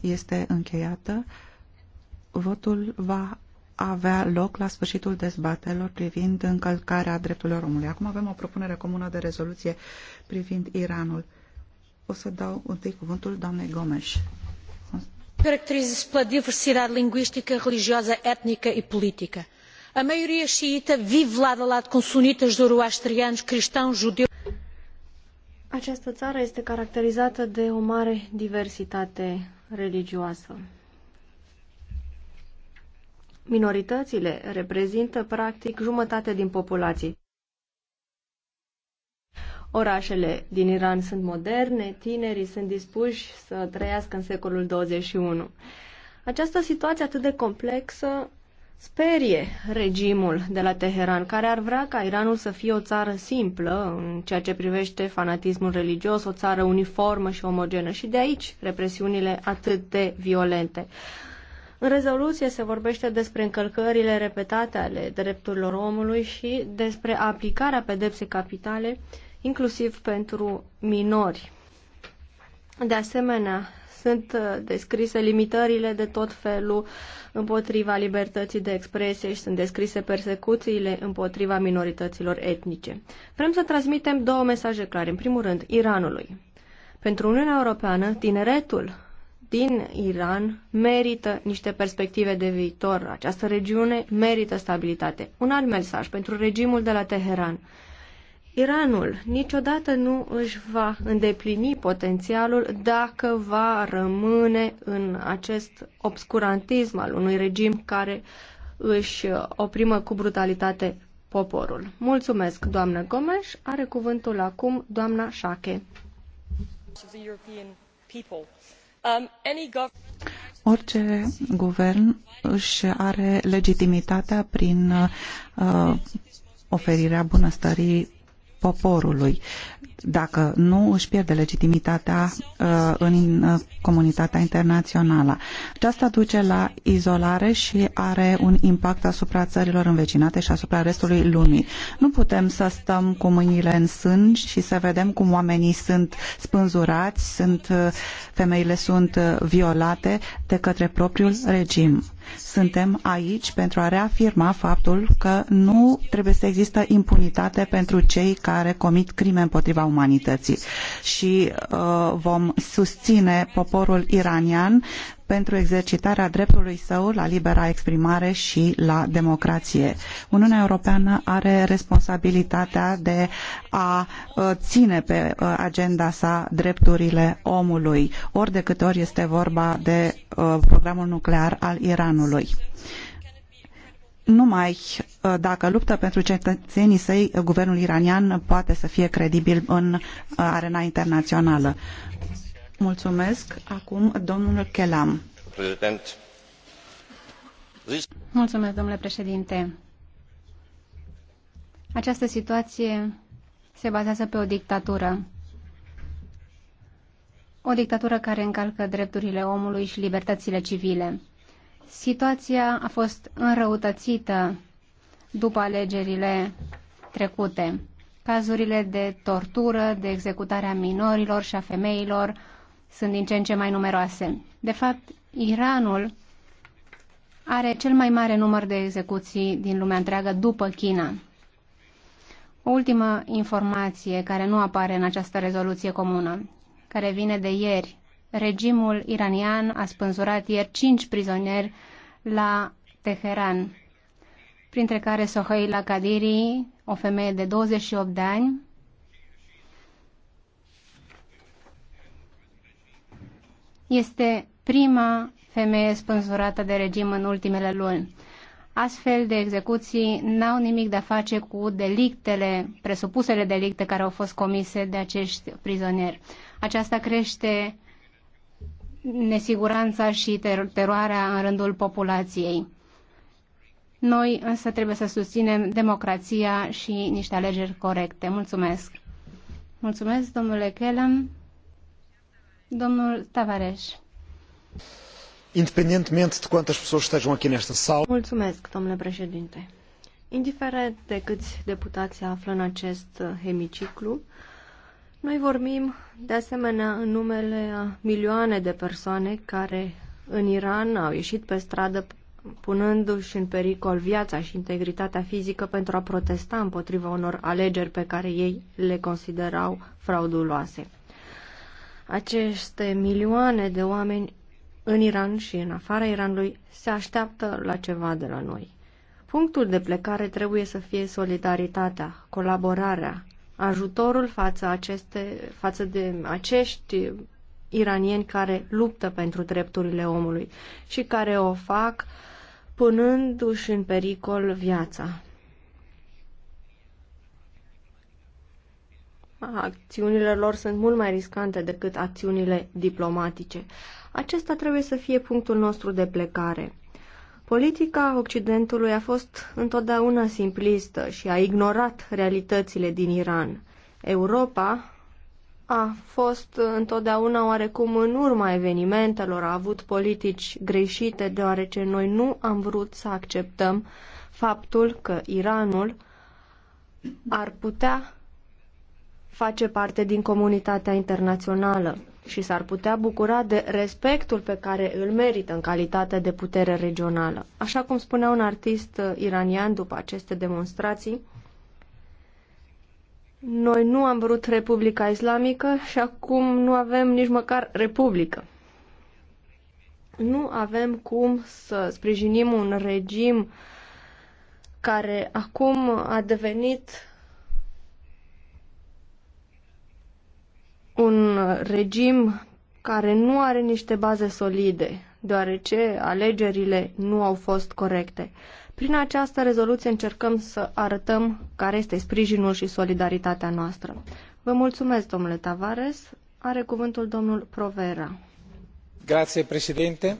este încheiată. Votul va avea loc la sfârșitul dezbatelor privind încălcarea drepturilor omului. Acum avem o propunere comună de rezoluție privind Iranul. O să dau întâi cuvântul doamnei Gomes. Caracteriza-se pela diversidade linguística, religiosa, étnica e política. A maioria xiita vive lado a lado com sunitas, zoroastrianos, cristãos, judeus. Această țară este caracterizată de o mare diversitate religioasă. Minoritățile reprezintă practic jumătate din populație. Orașele din Iran sunt moderne, tinerii sunt dispuși să trăiască în secolul 21. Această situație atât de complexă sperie regimul de la Teheran, care ar vrea ca Iranul să fie o țară simplă în ceea ce privește fanatismul religios, o țară uniformă și omogenă. Și de aici represiunile atât de violente. În rezoluție se vorbește despre încălcările repetate ale drepturilor omului și despre aplicarea pedepsei capitale, inclusiv pentru minori. De asemenea, sunt uh, descrise limitările de tot felul împotriva libertății de expresie și sunt descrise persecuțiile împotriva minorităților etnice. Vrem să transmitem două mesaje clare. În primul rând, Iranului. Pentru Uniunea Europeană, tineretul din Iran merită niște perspective de viitor. Această regiune merită stabilitate. Un alt mesaj pentru regimul de la Teheran. Iranul niciodată nu își va îndeplini potențialul dacă va rămâne în acest obscurantism al unui regim care își oprimă cu brutalitate poporul. Mulțumesc, doamnă Gomes. Are cuvântul acum doamna Șache. Orice guvern își are legitimitatea prin uh, oferirea bunăstării poporului dacă nu își pierde legitimitatea uh, în uh, comunitatea internațională. Aceasta duce la izolare și are un impact asupra țărilor învecinate și asupra restului lumii. Nu putem să stăm cu mâinile în sân și să vedem cum oamenii sunt spânzurați, sunt, uh, femeile sunt violate de către propriul regim. Suntem aici pentru a reafirma faptul că nu trebuie să există impunitate pentru cei care care comit crime împotriva umanității și uh, vom susține poporul iranian pentru exercitarea dreptului său la libera exprimare și la democrație. Uniunea Europeană are responsabilitatea de a uh, ține pe uh, agenda sa drepturile omului, ori de câte ori este vorba de programul nuclear al Iranului numai uh, dacă luptă pentru cetățenii săi, uh, guvernul iranian poate să fie credibil în uh, arena internațională. Mulțumesc. Acum domnul Kelam. Mulțumesc, domnule președinte. Această situație se bazează pe o dictatură. O dictatură care încalcă drepturile omului și libertățile civile. Situația a fost înrăutățită după alegerile trecute. Cazurile de tortură, de executare a minorilor și a femeilor sunt din ce în ce mai numeroase. De fapt, Iranul are cel mai mare număr de execuții din lumea întreagă după China. O ultimă informație care nu apare în această rezoluție comună, care vine de ieri, regimul iranian a spânzurat ieri cinci prizonieri la Teheran, printre care Sohaila Kadiri, o femeie de 28 de ani, este prima femeie spânzurată de regim în ultimele luni. Astfel de execuții n-au nimic de a face cu delictele, presupusele delicte care au fost comise de acești prizonieri. Aceasta crește nesiguranța și ter- teroarea în rândul populației. Noi însă trebuie să susținem democrația și niște alegeri corecte. Mulțumesc! Mulțumesc, domnule Kellam. Domnul Tavares. Independentment de persoane pessoas aici în această sală. Mulțumesc, domnule președinte. Indiferent de câți deputați se află în acest hemiciclu, noi vorbim de asemenea în numele a milioane de persoane care în Iran au ieșit pe stradă punându-și în pericol viața și integritatea fizică pentru a protesta împotriva unor alegeri pe care ei le considerau frauduloase. Aceste milioane de oameni în Iran și în afara Iranului se așteaptă la ceva de la noi. Punctul de plecare trebuie să fie solidaritatea, colaborarea, ajutorul față, aceste, față de acești iranieni care luptă pentru drepturile omului și care o fac punându-și în pericol viața. Acțiunile lor sunt mult mai riscante decât acțiunile diplomatice. Acesta trebuie să fie punctul nostru de plecare. Politica Occidentului a fost întotdeauna simplistă și a ignorat realitățile din Iran. Europa a fost întotdeauna oarecum în urma evenimentelor, a avut politici greșite, deoarece noi nu am vrut să acceptăm faptul că Iranul ar putea face parte din comunitatea internațională și s-ar putea bucura de respectul pe care îl merită în calitate de putere regională. Așa cum spunea un artist uh, iranian după aceste demonstrații, noi nu am vrut Republica Islamică și acum nu avem nici măcar Republică. Nu avem cum să sprijinim un regim care acum a devenit un regim care nu are niște baze solide, deoarece alegerile nu au fost corecte. Prin această rezoluție încercăm să arătăm care este sprijinul și solidaritatea noastră. Vă mulțumesc, domnule Tavares. Are cuvântul domnul Provera. Grație, președinte.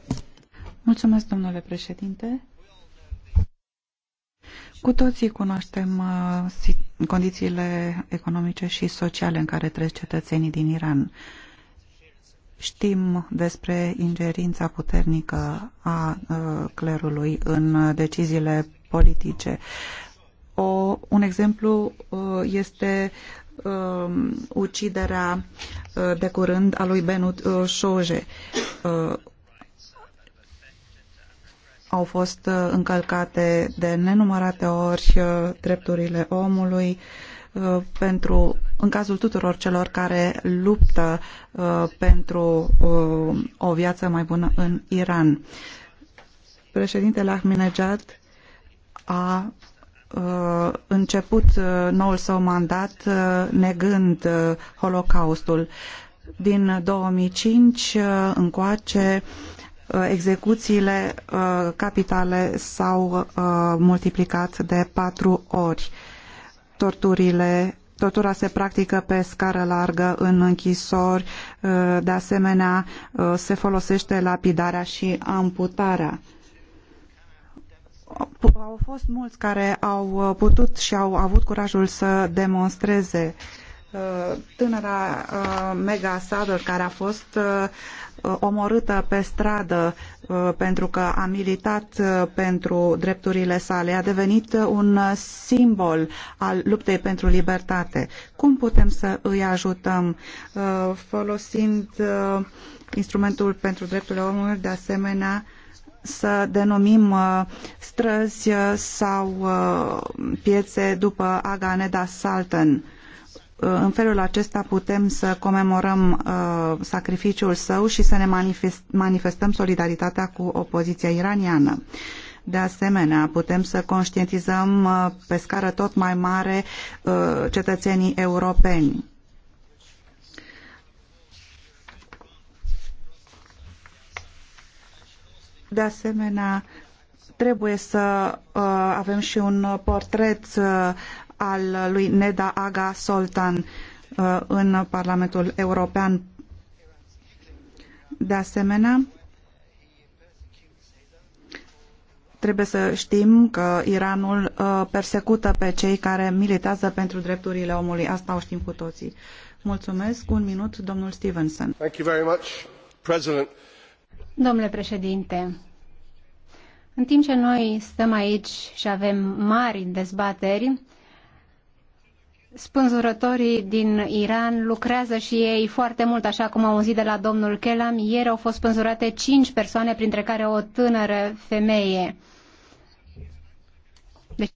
Mulțumesc, domnule președinte. Cu toții cunoaștem uh, condițiile economice și sociale în care trec cetățenii din Iran. Știm despre ingerința puternică a uh, clerului în deciziile politice. O, un exemplu uh, este um, uciderea de curând a lui Benut Uh, au fost uh, încălcate de nenumărate ori uh, drepturile omului uh, pentru, în cazul tuturor celor care luptă pentru o viață mai bună în Iran. Președintele Ahmadinejad a început noul său mandat negând Holocaustul. Din 2005 încoace Uh, execuțiile uh, capitale s-au uh, multiplicat de patru ori. Torturile Tortura se practică pe scară largă în închisori, de asemenea se folosește lapidarea și amputarea. Au fost mulți care au putut și au avut curajul să demonstreze uh, Uh, tânăra uh, Mega Sador care a fost uh, omorâtă pe stradă pentru că a militat pentru drepturile sale, a devenit un simbol al luptei pentru libertate. Cum putem să îi ajutăm folosind instrumentul pentru drepturile omului, de asemenea să denumim străzi sau piețe după Aganeda Salten? în felul acesta putem să comemorăm uh, sacrificiul său și să ne manifest, manifestăm solidaritatea cu opoziția iraniană. De asemenea, putem să conștientizăm uh, pe scară tot mai mare uh, cetățenii europeni. De asemenea, trebuie să avem și un portret al lui Neda Aga Soltan uh, în Parlamentul European. De asemenea, trebuie să știm că Iranul uh, persecută pe cei care militează pentru drepturile omului. Asta o știm cu toții. Mulțumesc. Un minut, domnul Stevenson. Much, Domnule președinte, în timp ce noi stăm aici și avem mari dezbateri, spânzurătorii din Iran lucrează și ei foarte mult, așa cum am auzit de la domnul Kelam. Ieri au fost spânzurate cinci persoane, printre care o tânără femeie. Deci,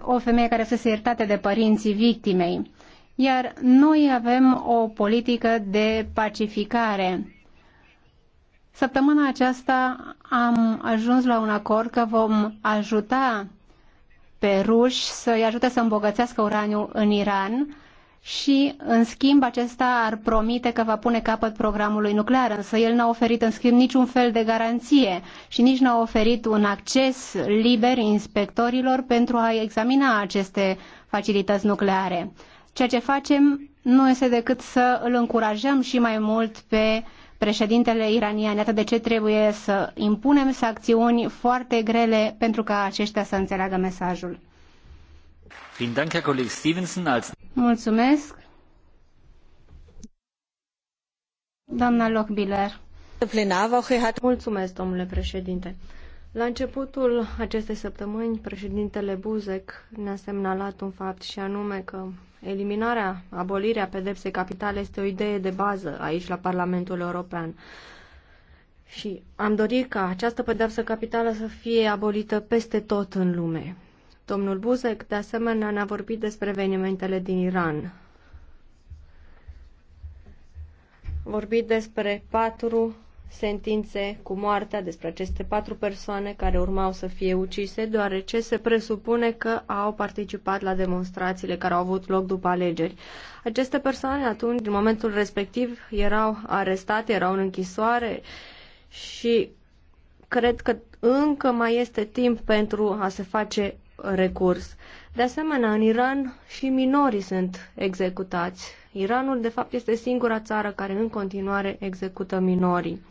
o femeie care fusese iertată de părinții victimei. Iar noi avem o politică de pacificare. Săptămâna aceasta am ajuns la un acord că vom ajuta pe ruși să-i ajute să îmbogățească uraniul în Iran și, în schimb, acesta ar promite că va pune capăt programului nuclear, însă el n-a oferit, în schimb, niciun fel de garanție și nici n-a oferit un acces liber inspectorilor pentru a examina aceste facilități nucleare. Ceea ce facem nu este decât să îl încurajăm și mai mult pe uh, președintele iranian. Iată de ce trebuie să impunem sancțiuni foarte grele pentru ca aceștia să înțeleagă mesajul. Mulțumesc. Doamna Lochbiller. Mulțumesc, domnule președinte. La începutul acestei săptămâni, președintele Buzek ne-a semnalat un fapt și anume că Eliminarea, abolirea pedepsei capitale este o idee de bază aici la Parlamentul European. Și am dorit ca această pedepsă capitală să fie abolită peste tot în lume. Domnul Buzek, de asemenea, ne-a vorbit despre evenimentele din Iran. Vorbit despre patru sentințe cu moartea despre aceste patru persoane care urmau să fie ucise, deoarece se presupune că au participat la demonstrațiile care au avut loc după alegeri. Aceste persoane atunci, în momentul respectiv, erau arestate, erau în închisoare și cred că încă mai este timp pentru a se face recurs. De asemenea, în Iran și minorii sunt executați Iranul, de fapt, este singura țară care în continuare execută minorii.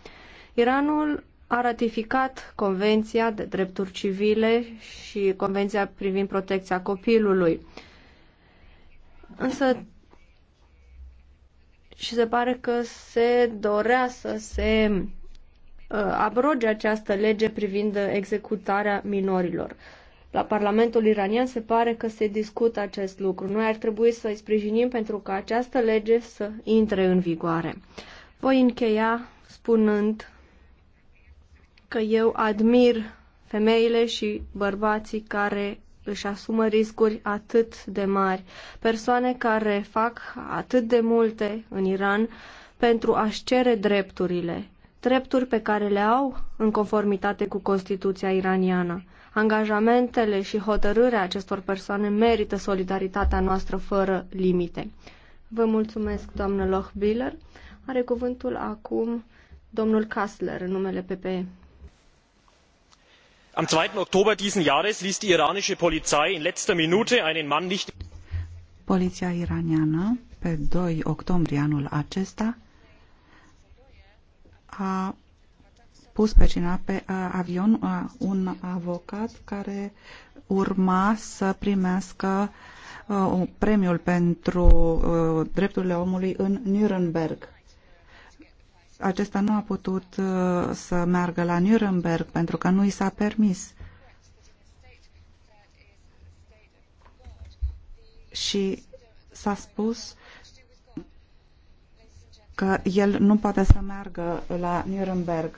Iranul a ratificat Convenția de Drepturi Civile și Convenția privind protecția copilului. Însă și se pare că se dorea să se uh, abroge această lege privind executarea minorilor. La Parlamentul iranian se pare că se discută acest lucru. Noi ar trebui să îi sprijinim pentru ca această lege să intre în vigoare. Voi încheia spunând că eu admir femeile și bărbații care își asumă riscuri atât de mari, persoane care fac atât de multe în Iran pentru a-și cere drepturile, drepturi pe care le au în conformitate cu Constituția iraniană. Angajamentele și hotărârea acestor persoane merită solidaritatea noastră fără limite. Vă mulțumesc, doamnă Lochbiller. Are cuvântul acum domnul Kassler, în numele PPE. Am 2. octombrie diesen Jahres ließ die iranische Polizei in letzter Minute einen Mann nicht. Poliția iraniană, pe 2 octombrie anul acesta, a pus pe cineva pe avion un avocat care urma să primească premiul pentru drepturile omului în Nuremberg. Acesta nu a putut să meargă la Nuremberg pentru că nu i s-a permis. Și s-a spus că el nu poate să meargă la Nuremberg.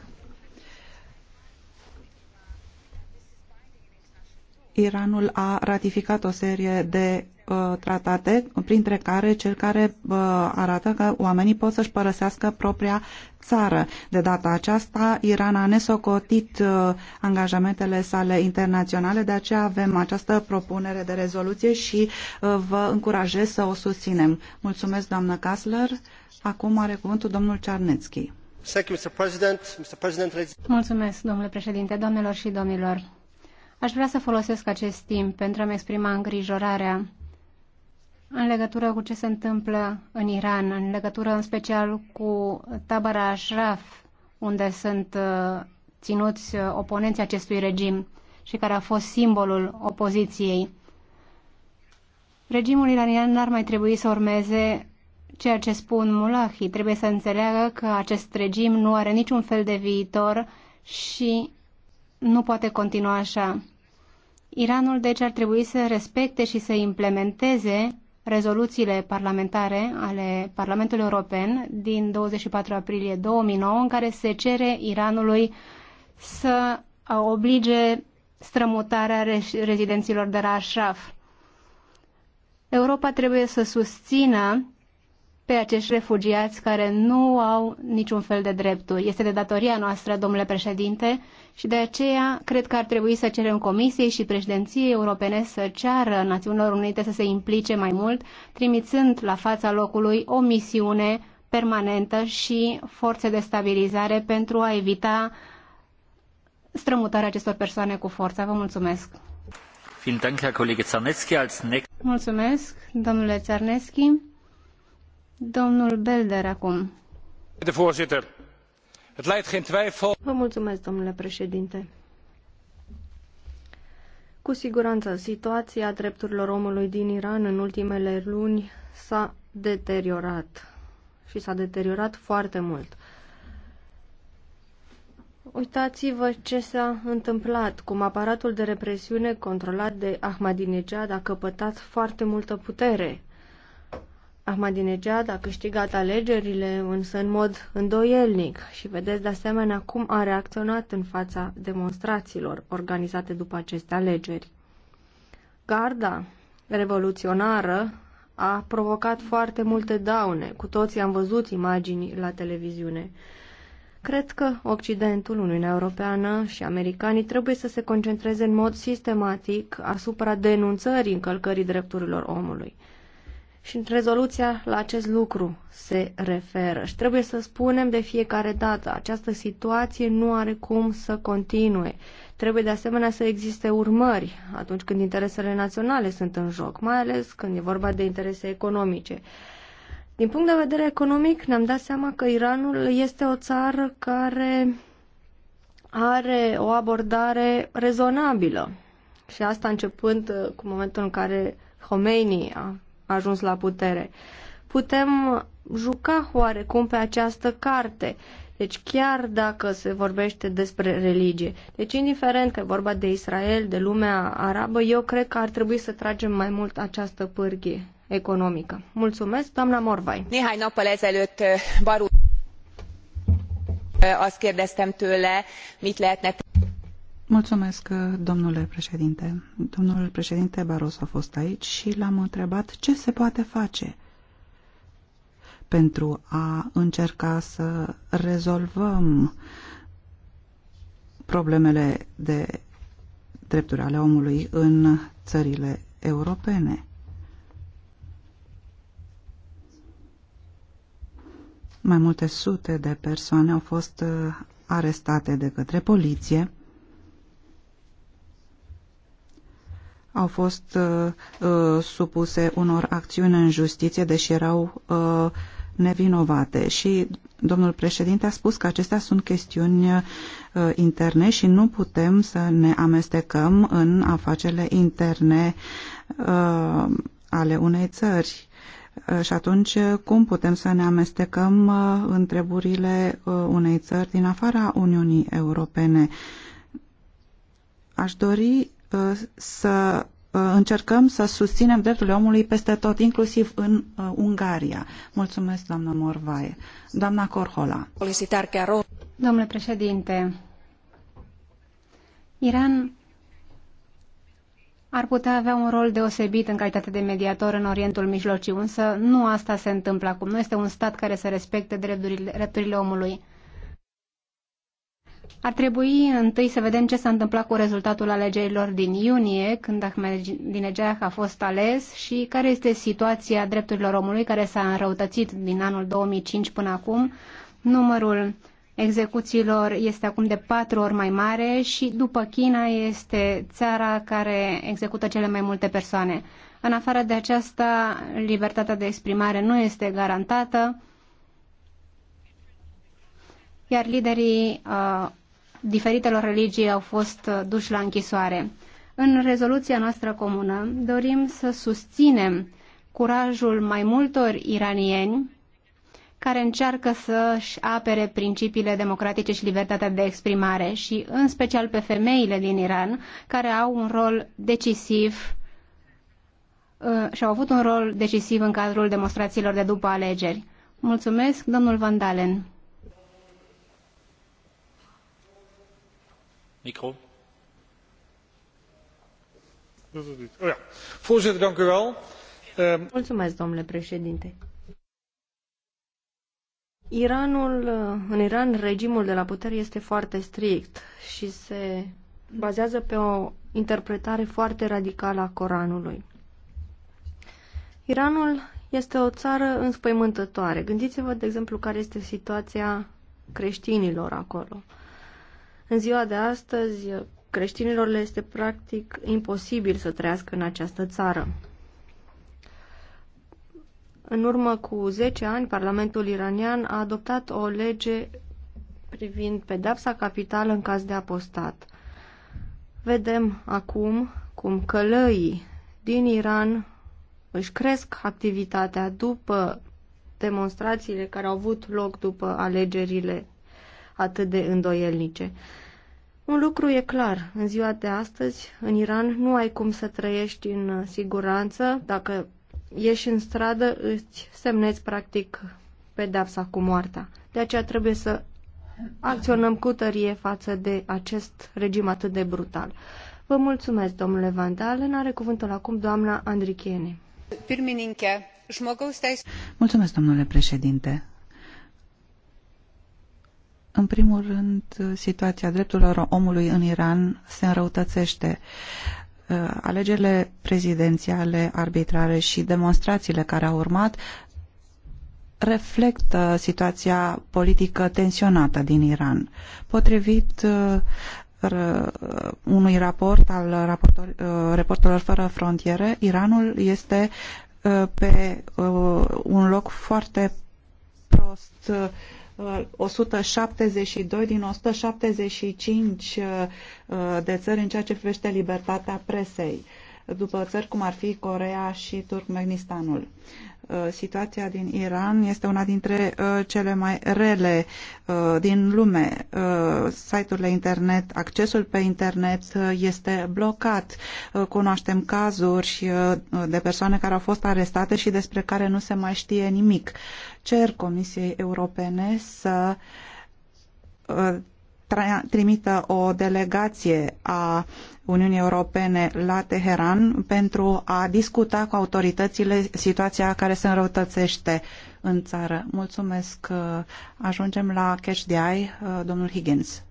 Iranul a ratificat o serie de uh, tratate, printre care cel care uh, arată că oamenii pot să-și părăsească propria țară. De data aceasta, Iran a nesocotit uh, angajamentele sale internaționale, de aceea avem această propunere de rezoluție și uh, vă încurajez să o susținem. Mulțumesc, doamnă Kassler. Acum are cuvântul domnul Cearnețchi. Mulțumesc, domnule președinte, doamnelor și domnilor. Aș vrea să folosesc acest timp pentru a-mi exprima îngrijorarea în legătură cu ce se întâmplă în Iran, în legătură în special cu tabăra Ashraf, unde sunt uh, ținuți uh, oponenții acestui regim și care a fost simbolul opoziției. Regimul iranian n-ar mai trebui să urmeze ceea ce spun mulahii. Trebuie să înțeleagă că acest regim nu are niciun fel de viitor și nu poate continua așa. Iranul deci ar trebui să respecte și să implementeze rezoluțiile parlamentare ale Parlamentului European din 24 aprilie 2009 în care se cere Iranului să oblige strămutarea rezidenților de la Ashraf. Europa trebuie să susțină pe acești refugiați care nu au niciun fel de drepturi. Este de datoria noastră, domnule președinte, și de aceea cred că ar trebui să cerem Comisiei și președinției europene să ceară Națiunilor Unite să se implice mai mult, trimițând la fața locului o misiune permanentă și forțe de stabilizare pentru a evita strămutarea acestor persoane cu forța. Vă mulțumesc! Mulțumesc, domnule Czarnecki domnule președinte. Cu siguranță, situația drepturilor omului din Iran în ultimele luni s-a deteriorat și s-a deteriorat foarte mult. Uitați-vă ce s-a întâmplat, cum aparatul de represiune controlat de Ahmadinejad a căpătat foarte multă putere Ahmadinejad a câștigat alegerile, însă în mod îndoielnic și vedeți de asemenea cum a reacționat în fața demonstrațiilor organizate după aceste alegeri. Garda revoluționară a provocat foarte multe daune. Cu toții am văzut imagini la televiziune. Cred că Occidentul, Uniunea Europeană și americanii trebuie să se concentreze în mod sistematic asupra denunțării încălcării drepturilor omului și rezoluția la acest lucru se referă. Și trebuie să spunem de fiecare dată, această situație nu are cum să continue. Trebuie de asemenea să existe urmări atunci când interesele naționale sunt în joc, mai ales când e vorba de interese economice. Din punct de vedere economic, ne-am dat seama că Iranul este o țară care are o abordare rezonabilă. Și asta începând uh, cu momentul în care Khomeini a ajuns la putere. Putem juca oarecum pe această carte. Deci chiar dacă se vorbește despre religie, deci indiferent că e vorba de Israel, de lumea arabă, eu cred că ar trebui să tragem mai mult această pârghie economică. Mulțumesc, doamna Morvai. Néhány nappal ezelőtt eh, barul eh, azt kérdeztem tőle, mit lehetne Mulțumesc, domnule președinte. Domnul președinte Baros a fost aici și l-am întrebat ce se poate face pentru a încerca să rezolvăm problemele de drepturi ale omului în țările europene. Mai multe sute de persoane au fost uh, arestate de către poliție au fost uh, uh, supuse unor acțiuni în justiție, deși erau uh, nevinovate. Și domnul președinte a spus că acestea sunt chestiuni uh, interne și nu putem să ne amestecăm în afacerile interne uh, ale unei țări. Uh, și atunci, cum putem să ne amestecăm uh, în treburile unei țări din afara Uniunii Europene? Aș dori Uh, să uh, încercăm să susținem drepturile omului peste tot, inclusiv în uh, Ungaria. Mulțumesc, doamna Morvaie. Doamna Corhola. Domnule președinte, Iran ar putea avea un rol deosebit în calitate de mediator în Orientul Mijlociu, însă nu asta se întâmplă acum. Nu este un stat care să respecte drepturile, drepturile omului. Ar trebui întâi să vedem ce s-a întâmplat cu rezultatul alegerilor din iunie, când Ahmadinejad a fost ales și care este situația drepturilor omului care s-a înrăutățit din anul 2005 până acum. Numărul execuțiilor este acum de patru ori mai mare și după China este țara care execută cele mai multe persoane. În afară de aceasta, libertatea de exprimare nu este garantată iar liderii uh, diferitelor religii au fost uh, duși la închisoare. În rezoluția noastră comună dorim să susținem curajul mai multor iranieni care încearcă să-și apere principiile democratice și libertatea de exprimare și în special pe femeile din Iran care au un rol decisiv uh, și au avut un rol decisiv în cadrul demonstrațiilor de după alegeri. Mulțumesc, domnul Van Dalen. Ehm, Iranul, eh, în Iran regimul de la putere este foarte strict și se bazează pe o interpretare foarte radicală a Coranului. Iranul este o țară înspăimântătoare. Gândiți-vă, de exemplu, care este situația creștinilor acolo. Uh, în ziua de astăzi, creștinilor le este practic imposibil să trăiască în această țară. În urmă cu 10 ani, Parlamentul iranian a adoptat o lege privind pedepsa capitală în caz de apostat. Vedem acum cum călăii din Iran își cresc activitatea după demonstrațiile care au avut loc după alegerile atât de îndoielnice. Un lucru e clar, în ziua de astăzi, în Iran, nu ai cum să trăiești în siguranță. Dacă ieși în stradă, îți semnezi practic pedapsa cu moartea. De aceea trebuie să acționăm cu tărie față de acest regim atât de brutal. Vă mulțumesc, domnule Vandal. În Are cuvântul acum doamna Andrichiene. Mulțumesc, domnule președinte. În primul rând, situația drepturilor omului în Iran se înrăutățește. Uh, alegerile prezidențiale, arbitrare și demonstrațiile care au urmat reflectă situația politică tensionată din Iran. Potrivit uh, unui raport al uh, Reportelor Fără Frontiere, Iranul este pe un loc foarte prost 172 din 175 uh, de țări în ceea ce privește libertatea presei, după țări cum ar fi Corea și Turkmenistanul. Uh, situația din Iran este una dintre uh, cele mai rele uh, din lume. Site-urile internet, accesul pe internet este blocat. Cunoaștem cazuri de persoane care au fost arestate și despre care nu se mai știe nimic. Cer Comisiei Europene să trimită o delegație a Uniunii Europene la Teheran pentru a discuta cu autoritățile situația care se înrăutățește în țară. Mulțumesc. Ajungem la cash de ai, domnul Higgins.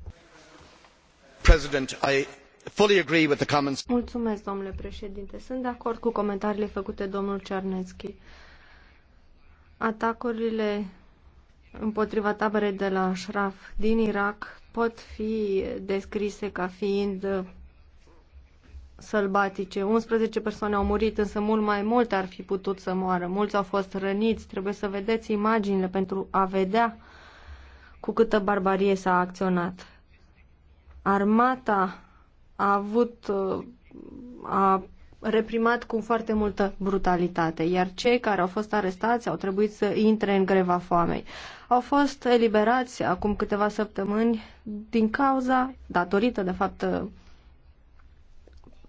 President, I fully agree with the comments. Mulțumesc, domnule președinte. Sunt de acord cu comentariile făcute domnul Cernețchi. Atacurile împotriva taberei de la Shraf din Irak pot fi descrise ca fiind sălbatice. 11 persoane au murit, însă mult mai multe ar fi putut să moară. Mulți au fost răniți. Trebuie să vedeți imaginile pentru a vedea cu câtă barbarie s-a acționat. Armata a avut a reprimat cu foarte multă brutalitate, iar cei care au fost arestați au trebuit să intre în greva foamei. Au fost eliberați acum câteva săptămâni din cauza, datorită de fapt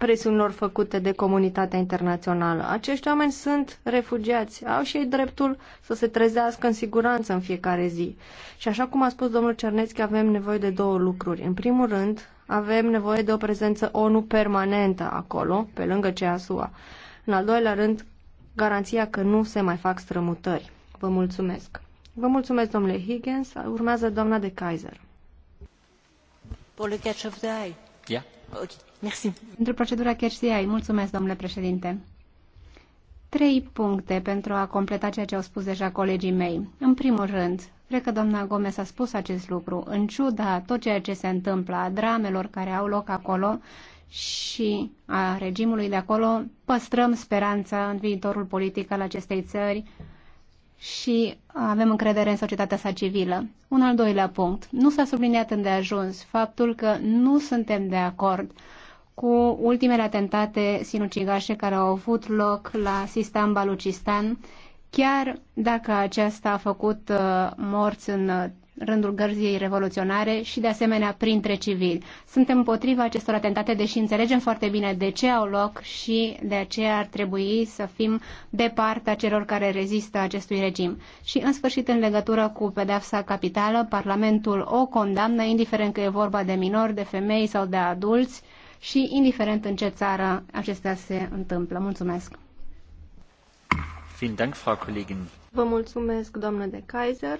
presiunilor făcute de comunitatea internațională. Acești oameni sunt refugiați, au și ei dreptul să se trezească în siguranță în fiecare zi. Și așa cum a spus domnul Cernețchi, avem nevoie de două lucruri. În primul rând, avem nevoie de o prezență ONU permanentă acolo, pe lângă cea SUA. În al doilea rând, garanția că nu se mai fac strămutări. Vă mulțumesc. Vă mulțumesc, domnule Higgins. Urmează doamna de Kaiser. Politica ce Yeah. Pentru procedura CHCI, mulțumesc, domnule președinte. Trei puncte pentru a completa ceea ce au spus deja colegii mei. În primul rând, cred că doamna Gomez a spus acest lucru. În ciuda tot ceea ce se întâmplă, a dramelor care au loc acolo și a regimului de acolo, păstrăm speranța în viitorul politic al acestei țări, și avem încredere în societatea sa civilă. Un al doilea punct. Nu s-a subliniat îndeajuns faptul că nu suntem de acord cu ultimele atentate sinucigașe care au avut loc la Sistan Balucistan, chiar dacă aceasta a făcut uh, morți în rândul gărziei revoluționare și, de asemenea, printre civili. Suntem împotriva acestor atentate, deși înțelegem foarte bine de ce au loc și de aceea ar trebui să fim de partea celor care rezistă acestui regim. Și, în sfârșit, în legătură cu pedepsa capitală, Parlamentul o condamnă, indiferent că e vorba de minori, de femei sau de adulți și indiferent în ce țară acestea se întâmplă. Mulțumesc! Vă mulțumesc, doamnă de Kaiser.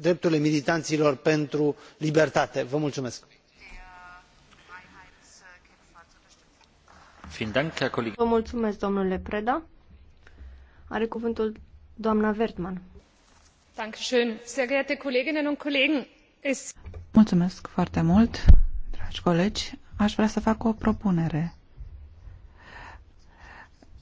drepturile militanilor pentru libertate. vă mulțumesc. Vă mulțumesc, domnule Preda. Are cuvântul doamna Mulțumesc foarte mult, dragi colegi. Aș vrea să fac o propunere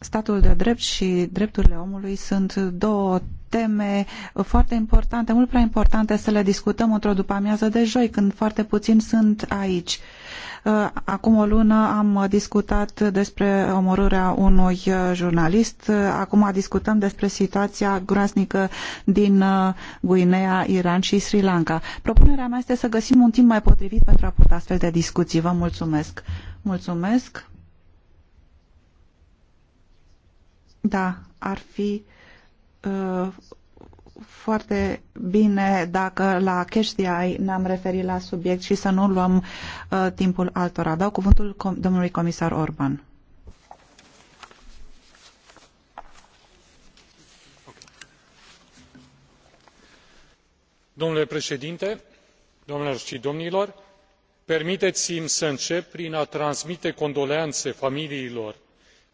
statul de drept și drepturile omului sunt două teme foarte importante, mult prea importante să le discutăm într-o după-amiază de joi, când foarte puțin sunt aici. Uh, acum o lună am discutat despre omorârea unui uh, jurnalist, uh, acum discutăm despre situația groaznică din Guinea, Iran și Sri Lanka. Propunerea mea este să găsim un timp mai potrivit pentru a purta astfel de discuții. Vă mulțumesc! Mulțumesc! Da, ar fi uh, foarte bine dacă la Cash ne-am referit la subiect și să nu luăm uh, timpul altora. Dau cuvântul com domnului comisar Orban. Domnule președinte, domnilor și domnilor, permiteți-mi să încep prin a transmite condoleanțe familiilor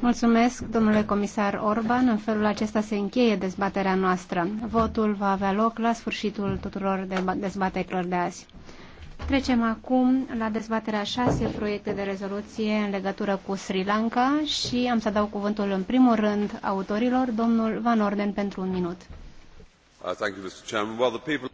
Mulțumesc, domnule comisar Orban. În felul acesta se încheie dezbaterea noastră. Votul va avea loc la sfârșitul tuturor dezbaterilor de azi. Trecem acum la dezbaterea șase proiecte de rezoluție în legătură cu Sri Lanka și am să dau cuvântul în primul rând autorilor, domnul Van Orden, pentru un minut. Uh, Mulțumesc.